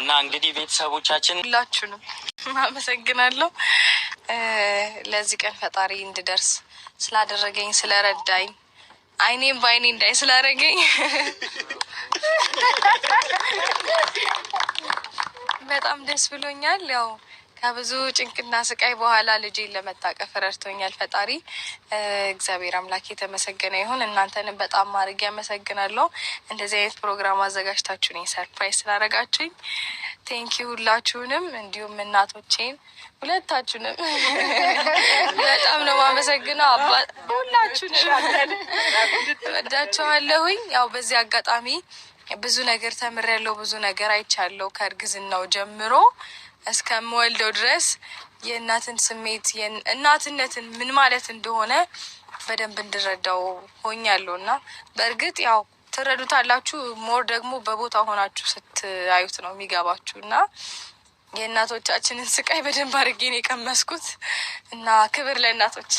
እና እንግዲህ ቤተሰቦቻችን ሁላችሁንም አመሰግናለሁ። ለዚህ ቀን ፈጣሪ እንድደርስ ስላደረገኝ ስለረዳኝ አይኔም በአይኔ እንዳይ ስላደረገኝ በጣም ደስ ብሎኛል። ያው ከብዙ ጭንቅና ስቃይ በኋላ ልጄን ለመታቀፍ ረድቶኛል ፈጣሪ እግዚአብሔር አምላክ የተመሰገነ ይሁን። እናንተንም በጣም ማድረግ ያመሰግናለሁ። እንደዚህ አይነት ፕሮግራም አዘጋጅታችሁ ነኝ ሰርፕራይዝ ስላደረጋችሁኝ ቴንኪ ሁላችሁንም፣ እንዲሁም እናቶቼን ሁለታችሁንም በጣም ነው ማመሰግነው። አባ ሁላችሁንም ወዳችኋለሁኝ። ያው በዚህ አጋጣሚ ብዙ ነገር ተምሬያለሁ። ብዙ ነገር አይቻለሁ። ከእርግዝናው ጀምሮ እስከምወልደው ድረስ የእናትን ስሜት እናትነትን ምን ማለት እንደሆነ በደንብ እንድረዳው ሆኛለሁ እና በእርግጥ ያው ትረዱታላችሁ። ሞር ደግሞ በቦታ ሆናችሁ ስትአዩት ነው የሚገባችሁ እና የእናቶቻችንን ስቃይ በደንብ አድርጌን የቀመስኩት እና ክብር ለእናቶች።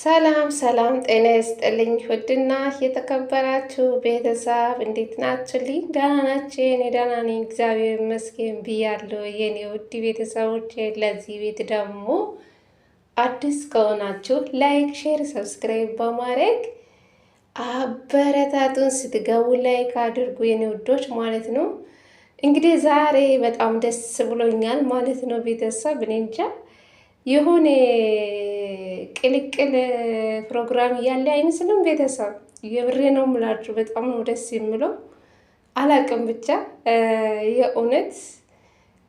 ሰላም ሰላም፣ ጤና ይስጥልኝ ውድና የተከበራችሁ ቤተሰብ እንዴት ናችሁልኝ? ደህና ናችሁ? ደህና ነኝ እግዚአብሔር ይመስገን ብያለሁ። የኔ ውድ ቤተሰቦች፣ ለዚህ ቤት ደግሞ አዲስ ከሆናችሁ ላይክ፣ ሼር፣ ሰብስክራይብ በማድረግ አበረታቱን። ስትገቡ ላይክ አድርጉ የኔ ውዶች ማለት ነው። እንግዲህ ዛሬ በጣም ደስ ብሎኛል ማለት ነው ቤተሰብ እኔ እንጃ የሆነ ቅልቅል ፕሮግራም እያለ አይመስልም ቤተሰብ? የብሬ ነው ምላችሁ። በጣም ነው ደስ የምለው። አላቅም ብቻ የእውነት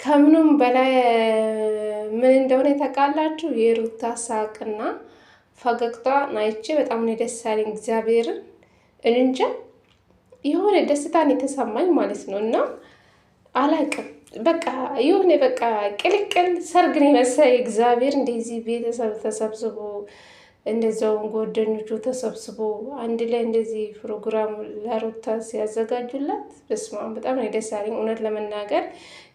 ከምኑም በላይ ምን እንደሆነ ታውቃላችሁ? የሩታ ሳቅና ፈገግታ ናይቼ በጣም ነው ደስ ያለኝ። እግዚአብሔርን እንጃ የሆነ ደስታን የተሰማኝ ማለት ነው እና አላቅም በቃ ይሁን በቃ ቅልቅል ሰርግን የመሰለ እግዚአብሔር እንደዚህ ቤተሰብ ተሰብስቦ እንደዚያውን ጓደኞቹ ተሰብስቦ አንድ ላይ እንደዚህ ፕሮግራም ለሩታ ሲያዘጋጁላት በስማ በጣም ነው ደስ ያለኝ። እውነት ለመናገር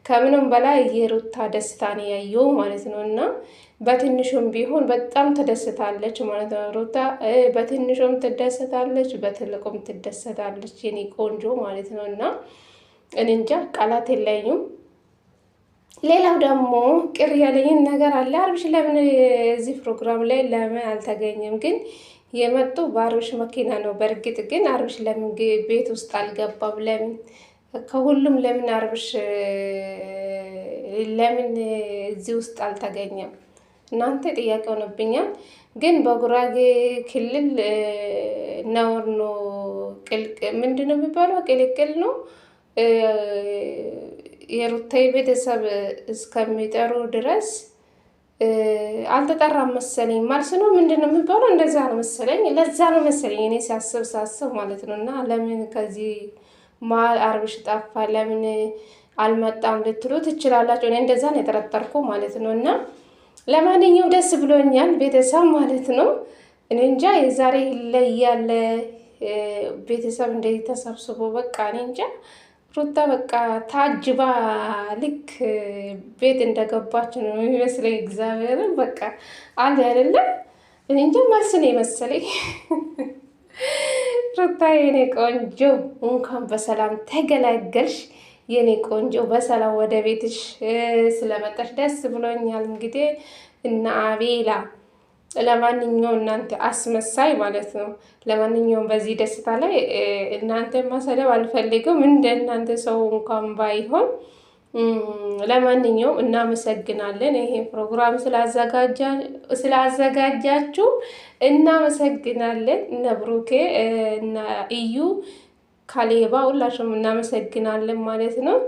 ከምንም በላይ የሩታ ደስታን ያየው ማለት ነው። እና በትንሹም ቢሆን በጣም ትደስታለች ማለት ነው። ሩታ በትንሹም ትደሰታለች፣ በትልቁም ትደሰታለች የኔ ቆንጆ ማለት ነው እና እኔ እንጃ ቃላት የለኝም። ሌላው ደግሞ ቅር ያለኝን ነገር አለ። አብርሽ ለምን እዚህ ፕሮግራም ላይ ለምን አልተገኘም? ግን የመጡ በአብርሽ መኪና ነው። በእርግጥ ግን አብርሽ ለምን ቤት ውስጥ አልገባም? ለምን ከሁሉም ለምን አብርሽ ለምን እዚህ ውስጥ አልተገኘም? እናንተ ጥያቄ ሆነብኛል። ግን በጉራጌ ክልል ነውር ነው። ምንድን ነው የሚባለው? ቅልቅል ነው የሩታዬ ቤተሰብ እስከሚጠሩ ድረስ አልተጠራም መሰለኝ። ማለት ነው ምንድን ነው የሚባለው? እንደዛ ነው መሰለኝ። ለዛ ነው መሰለኝ እኔ ሲያስብ ሳስብ ማለት ነው። እና ለምን ከዚህ መሀል አብርሽ ጠፋ፣ ለምን አልመጣም ልትሉ ትችላላችሁ። እኔ እንደዛ ነው የጠረጠርኩ ማለት ነው። እና ለማንኛውም ደስ ብሎኛል ቤተሰብ ማለት ነው። እኔ እንጃ የዛሬ ይለያል ቤተሰብ እንደዚህ ተሰብስቦ በቃ እኔ እንጃ ሩታ በቃ ታጅባ ልክ ቤት እንደገባች ነው የሚመስለኝ። እግዚአብሔርን በቃ አንድ አይደለም እንጂ መስን የመሰለኝ ሩታ የኔ ቆንጆ እንኳን በሰላም ተገላገልሽ። የኔ ቆንጆ በሰላም ወደ ቤትሽ ስለመጣሽ ደስ ብሎኛል። እንግዲህ እና አቤላ ለማንኛውም እናንተ አስመሳይ ማለት ነው። ለማንኛውም በዚህ ደስታ ላይ እናንተ ማሰደብ አልፈልግም፣ እንደ እናንተ ሰው እንኳን ባይሆን። ለማንኛውም እናመሰግናለን፣ ይሄ ፕሮግራም ስላዘጋጃችሁ እናመሰግናለን። እነ ብሩኬ እና እዩ ካሌባ ሁላችሁም እናመሰግናለን ማለት ነው።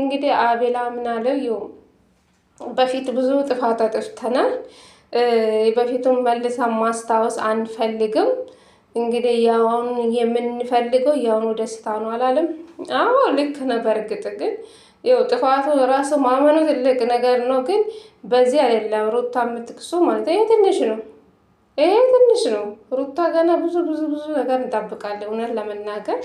እንግዲህ አቤላ ምናለው በፊት ብዙ ጥፋት አጥፍተናል። በፊቱን መልሰን ማስታወስ አንፈልግም። እንግዲህ ያውን የምንፈልገው ያሁኑ ደስታ ነው አላለም? አዎ ልክ ነው። በእርግጥ ግን ይኸው ጥፋቱ ራሱ ማመኑ ትልቅ ነገር ነው። ግን በዚህ አይደለም ሩታ የምትክሱ ማለት ይሄ ትንሽ ነው። ይሄ ትንሽ ነው። ሩታ ገና ብዙ ብዙ ብዙ ነገር እንጠብቃለን። እውነት ለመናገር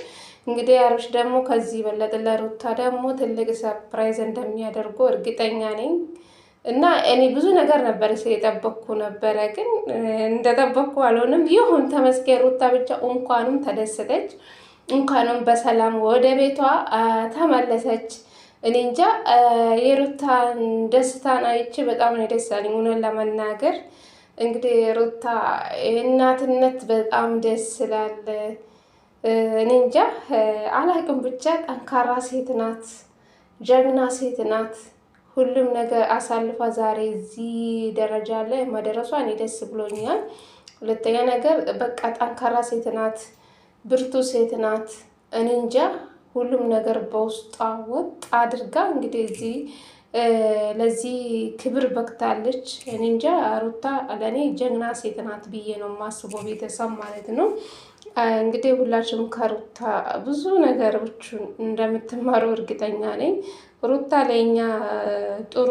እንግዲህ አብርሽ ደግሞ ከዚህ በለጥ ለሩታ ደግሞ ትልቅ ሰርፕራይዝ እንደሚያደርጉ እርግጠኛ ነኝ። እና እኔ ብዙ ነገር ነበር የጠበቅኩ ነበረ፣ ግን እንደጠበቅኩ አልሆንም። ይሁን ተመስገን፣ ሩታ ብቻ እንኳኑም ተደሰተች፣ እንኳኑም በሰላም ወደ ቤቷ ተመለሰች። እኔ እንጃ የሩታን ደስታን አይቼ በጣም ነው ደስ ያለኝ እውነት ለመናገር እንግዲህ ሩታ የእናትነት በጣም ደስ ስላለ እኔ እንጃ አላቅም ብቻ ጠንካራ ሴት ናት፣ ጀግና ሴት ናት። ሁሉም ነገር አሳልፋ ዛሬ እዚህ ደረጃ ላይ መደረሷ እኔ ደስ ብሎኛል። ሁለተኛ ነገር በቃ ጠንካራ ሴት ናት፣ ብርቱ ሴት ናት። እኔ እንጃ ሁሉም ነገር በውስጧ ወጥ አድርጋ እንግዲህ እዚህ ለዚህ ክብር በቅታለች። እኔ እንጃ ሩታ ለእኔ ጀግና ሴት ናት ብዬ ነው የማስበው። ቤተሰብ ማለት ነው እንግዲህ ሁላችሁም ከሩታ ብዙ ነገሮችን እንደምትማሩ እርግጠኛ ነኝ። ሩታ ለእኛ ጥሩ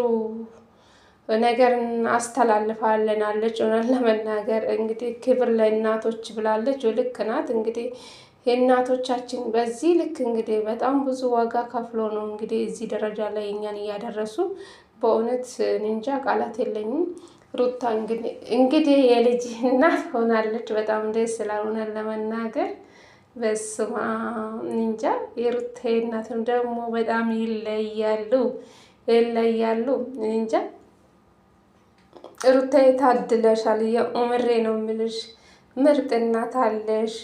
ነገርን አስተላልፋልናለች። ሆናል ለመናገር እንግዲህ ክብር ለእናቶች ብላለች። ልክ ናት። እንግዲህ የእናቶቻችን በዚህ ልክ እንግዲህ በጣም ብዙ ዋጋ ከፍሎ ነው እንግዲህ እዚህ ደረጃ ላይ እኛን እያደረሱ በእውነት እንጃ ቃላት የለኝም። ሩታ እንግዲህ የልጅ እናት ሆናለች። በጣም ደስ ስላልሆነ ለመናገር በስማ እንጃ የሩቴ እናትም ደግሞ በጣም ይለያሉ ይለያሉ። እንጃ ሩቴ ታድለሻል። የኡምሬ ነው ምልሽ ምርጥ እናት አለሽ።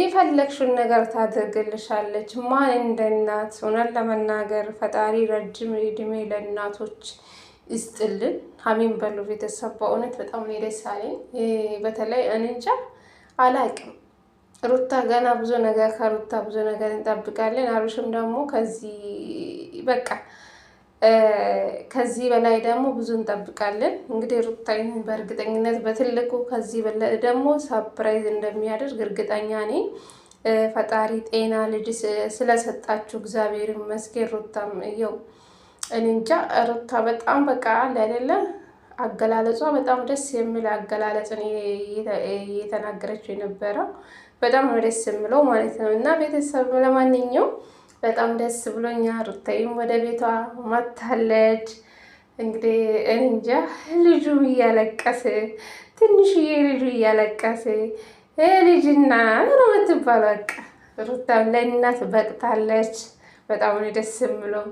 የፈለግሽውን ነገር ታደርግልሻለች። ማን እንደ እናት ሆነን ለመናገር ፈጣሪ ረጅም እድሜ ለእናቶች ይስጥልን። ሀሚን በሉ ቤተሰብ በእውነት በጣም ደስ አለኝ። በተለይ እንጃ አላቅም ሩታ ገና ብዙ ነገር ከሩታ ብዙ ነገር እንጠብቃለን። አብርሽም ደግሞ ከዚህ በቃ ከዚህ በላይ ደግሞ ብዙ እንጠብቃለን። እንግዲህ ሩታ በእርግጠኝነት በትልቁ ከዚህ በላይ ደግሞ ሰፕራይዝ እንደሚያደርግ እርግጠኛ ነኝ። ፈጣሪ ጤና ልጅ ስለሰጣችሁ እግዚአብሔር ይመስገን። ሩታም የው እንጃ ሩታ በጣም በቃ አለ አይደለ አገላለጿ በጣም ደስ የሚል አገላለጽን እየተናገረችው የነበረው በጣም ነው ደስ የምለው ማለት ነው። እና ቤተሰብ ለማንኛው በጣም ደስ ብሎኛ። ሩታይም ወደ ቤቷ መታለች። እንግዲህ እንጃ ልጁ እያለቀሰ ትንሽዬ ልጁ እያለቀሰ ልጅና ነው ምትባል በቃ ሩታም ለእናት በቅታለች። በጣም ነው ደስ የምለው።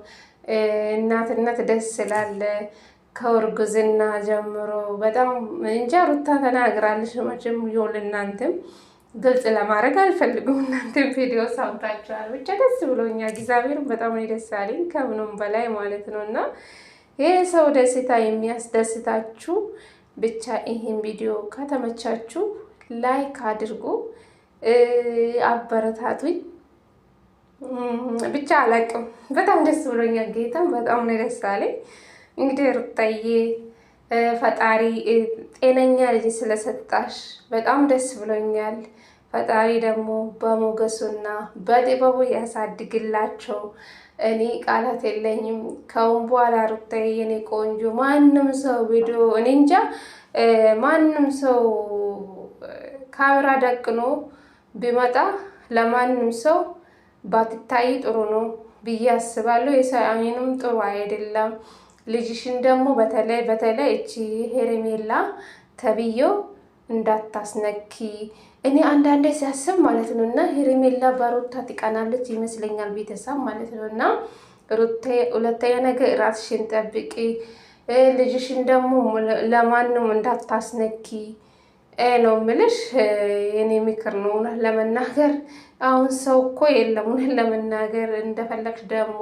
እናትነት ደስ ስላለ ከውርጉዝና ጀምሮ በጣም እንጃ ሩታ ተናግራለች። መቼም ይሁን እናንተም ግልጽ ለማድረግ አልፈልግም። እናንተ ቪዲዮ ሰምታችኋል። ብቻ ደስ ብሎኛል። እግዚአብሔርን በጣም ነው ደስ አለኝ በላይ ማለት ነው እና ይህ ሰው ደስታ የሚያስደስታችሁ ብቻ ይህን ቪዲዮ ከተመቻችሁ ላይክ አድርጉ፣ አበረታቱኝ። ብቻ አላቅም በጣም ደስ ብሎኛል። ጌታ በጣም ነው ደስ አለኝ። እንግዲህ ሩታዬ ፈጣሪ ጤነኛ ልጅ ስለሰጣሽ በጣም ደስ ብሎኛል። ፈጣሪ ደግሞ በሞገሱና በጥበቡ ያሳድግላቸው። እኔ ቃላት የለኝም። ከአሁን በኋላ ሩታዬ የኔ ቆንጆ ማንም ሰው ቪዲዮ እኔ እንጃ ማንም ሰው ካሜራ ደቅኖ ቢመጣ ለማንም ሰው ባትታይ ጥሩ ነው ብዬ አስባለሁ። የሰው አይንም ጥሩ አይደለም። ልጅሽን ደግሞ በተለይ በተለይ እቺ ሄሬሜላ ተብዮ እንዳታስነኪ። እኔ አንዳንዴ ሲያስብ ማለት ነው እና ሄሬሜላ በሩታ ትቀናለች ይመስለኛል፣ ቤተሰብ ማለት ነው እና ሁለተኛ ነገር ራስሽን ጠብቂ፣ ልጅሽን ደግሞ ለማንም እንዳታስነኪ ነው ምልሽ። የኔ ምክር ነው እውነት ለመናገር አሁን ሰው እኮ የለም እውነት ለመናገር እንደፈለግሽ ደግሞ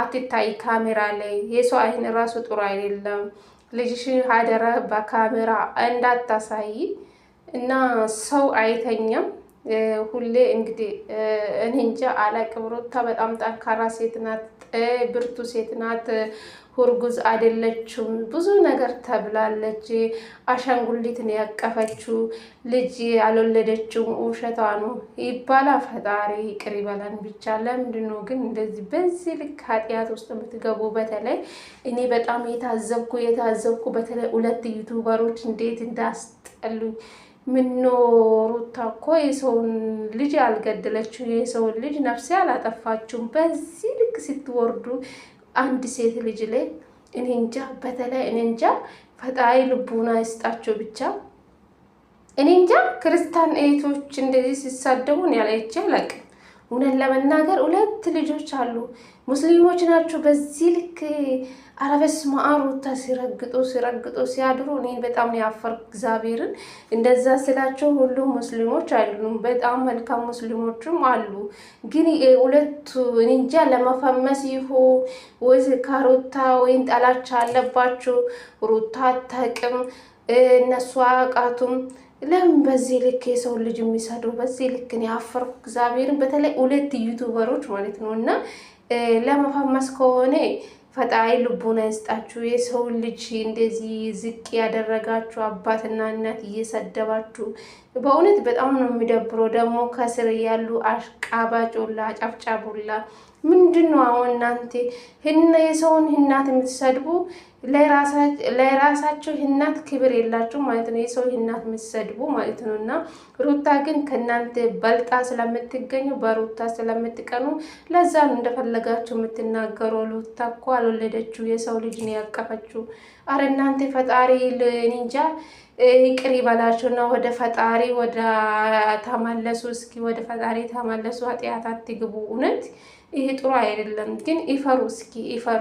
አትታይ ካሜራ ላይ የሰው አይን ራሱ ጥሩ አይደለም። ልጅሽ ሀደረ በካሜራ እንዳታሳይ እና ሰው አይተኛም። ሁሌ እንግዲህ እኔ እንጃ አላቅም። ሩታ በጣም ጠንካራ ሴት ናት፣ ብርቱ ሴት ናት። እርጉዝ አይደለችም ብዙ ነገር ተብላለች። አሻንጉሊትን ያቀፈችው ልጅ አልወለደችም፣ ውሸቷ ነው ይባላ። ፈጣሪ ይቅር ይበላን ብቻ። ለምንድነው ግን እንደዚህ በዚህ ልክ ኃጢአት ውስጥ የምትገቡ? በተለይ እኔ በጣም የታዘብኩ የታዘብኩ በተለይ ሁለት ዩቱበሮች እንዴት እንዳስጠሉኝ ምኖሩት እኮ የሰውን ልጅ አልገደለችው፣ የሰውን ልጅ ነፍሴ አላጠፋችሁም። በዚህ ልክ ስትወርዱ አንድ ሴት ልጅ ላይ እኔ እንጃ፣ በተለይ እኔ እንጃ፣ ፈጣሪ ልቡና ይስጣቸው ብቻ። እኔ እንጃ ክርስቲያን እህቶች እንደዚህ ሲሳደቡን ያለች ለቅ እውነት ለመናገር ሁለት ልጆች አሉ ሙስሊሞች ናቸው በዚህ ልክ ኧረ በስመ አብ ሩታ ሲረግጡ ሲረግጡ ሲያድሩ እኔ በጣም ነው ያፈርኩ። እግዚአብሔርን እንደዛ ስላቸው ሁሉ ሙስሊሞች አይደሉም፣ በጣም መልካም ሙስሊሞችም አሉ። ግን ሁለቱ እንጃ ለመፈመስ ይሁ ወይ ከሩታ ወይን ጠላቻ አለባቸው። ሩታ አታውቅም፣ እነሱ አያውቃቱም። ለምን በዚህ ልክ የሰው ልጅ የሚሰዱ? በዚህ ልክ ነው ያፈርኩ። እግዚአብሔርን በተለይ ሁለት ዩቱበሮች ማለት ነው እና ለመፈመስ ከሆነ ፈጣሪ ልቦና ይስጣችሁ። የሰውን ልጅ እንደዚህ ዝቅ ያደረጋችሁ አባትና እናት እየሰደባችሁ በእውነት በጣም ነው የሚደብረው። ደግሞ ከስር ያሉ አሽቃባጮላ ጨፍጫቡላ ምንድን ነው አሁን እናንተ ህና የሰውን ህናት የምትሰድቡ ለራሳቸው ህናት ክብር የላችሁ ማለት ነው። የሰው ህናት የምትሰድቡ ማለት ነው። እና ሩታ ግን ከእናንተ በልጣ ስለምትገኙ በሩታ ስለምትቀኑ ለዛ ነው እንደፈለጋችሁ የምትናገሩ። ሩታ እኮ አልወለደችው የሰው ልጅ ነው ያቀፈችው። አረ እናንተ ፈጣሪ ልንጃ ይቅር ይበላችሁ እና ወደ ፈጣሪ ወደ ተመለሱ። እስኪ ወደ ፈጣሪ ተመለሱ፣ ኃጢአት አትግቡ። እውነት ይህ ጥሩ አይደለም፣ ግን ይፈሩ እስኪ ይፈሩ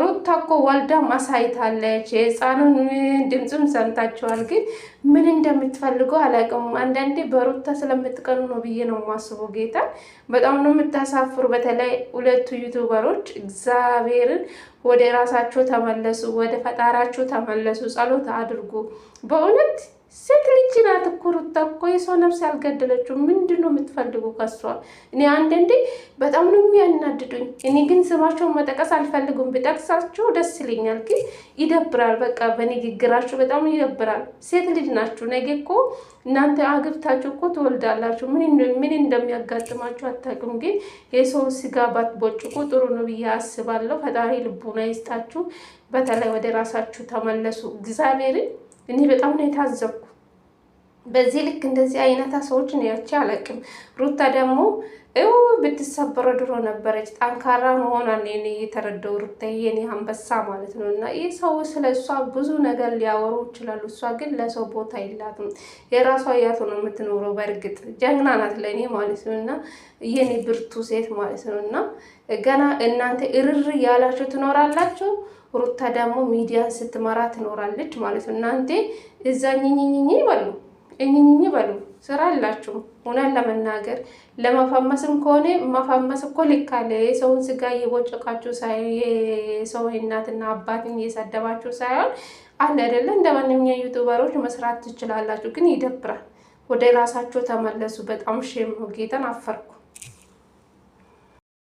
ሩታ እኮ ወልዳ ማሳይታለች። የህፃኑን ድምፅም ሰምታችኋል። ግን ምን እንደምትፈልገው አላውቅም። አንዳንዴ በሩታ ስለምትቀኑ ነው ብዬ ነው ማስቡ። ጌታ በጣም ነው የምታሳፍሩ። በተለይ ሁለቱ ዩቱበሮች እግዚአብሔርን ወደ ራሳቸው ተመለሱ፣ ወደ ፈጣራቸው ተመለሱ፣ ጸሎት አድርጉ በእውነት ሴት ልጅ ናት እኮ ሩታ እኮ የሰው ነፍስ ያልገደለችው ምንድን ነው የምትፈልጉ ከሷ? እኔ አንዳንዴ በጣም ነው የሚያናድዱኝ። እኔ ግን ስማቸውን መጠቀስ አልፈልጉም። ብጠቅሳቸው ደስ ይለኛል፣ ግን ይደብራል። በቃ በንግግራችሁ በጣም ይደብራል። ሴት ልጅ ናችሁ። ነገ እኮ እናንተ አግብታችሁ እኮ ትወልዳላችሁ። ምን እንደሚያጋጥማችሁ አታውቅም። ግን የሰው ስጋ ባትቦጭቁ ጥሩ ነው ብዬ አስባለሁ። ፈጣሪ ልቡና ይስጣችሁ። በተለይ ወደ ራሳችሁ ተመለሱ እግዚአብሔርን እኔ በጣም ነው የታዘብኩ። በዚህ ልክ እንደዚህ አይነት ሰዎች ያቺ አላውቅም። ሩታ ደግሞ እው ብትሰበረ ድሮ ነበረች። ጠንካራ መሆኗን እኔ የተረዳው ሩታ የኔ አንበሳ ማለት ነው። እና ይህ ሰው ስለ እሷ ብዙ ነገር ሊያወሩ ይችላሉ። እሷ ግን ለሰው ቦታ የላትም። የራሷ ያቶ ነው የምትኖረው። በእርግጥ ጀግና ናት ለእኔ ማለት ነው እና የኔ ብርቱ ሴት ማለት ነው እና ገና እናንተ እርር ያላችሁ ትኖራላችሁ። ሩታ ደግሞ ሚዲያን ስትመራ ትኖራለች ማለት ነው። እናንተ እዛ ኝኝኝኝ በሉ እኝኝኝ በሉ ስራ አላችሁ። እውነት ለመናገር ለመፈመስም ከሆነ መፈመስ እኮ ልክ አለ። የሰውን ስጋ እየቦጨቃችሁ የሰው እናትና አባትን እየሰደባችሁ ሳይሆን አንድ አይደለ እንደ ማንኛ ዩቱበሮች መስራት ትችላላችሁ። ግን ይደብራል። ወደ ራሳቸው ተመለሱ። በጣም ሼም ነው። ጌታን አፈርኩ።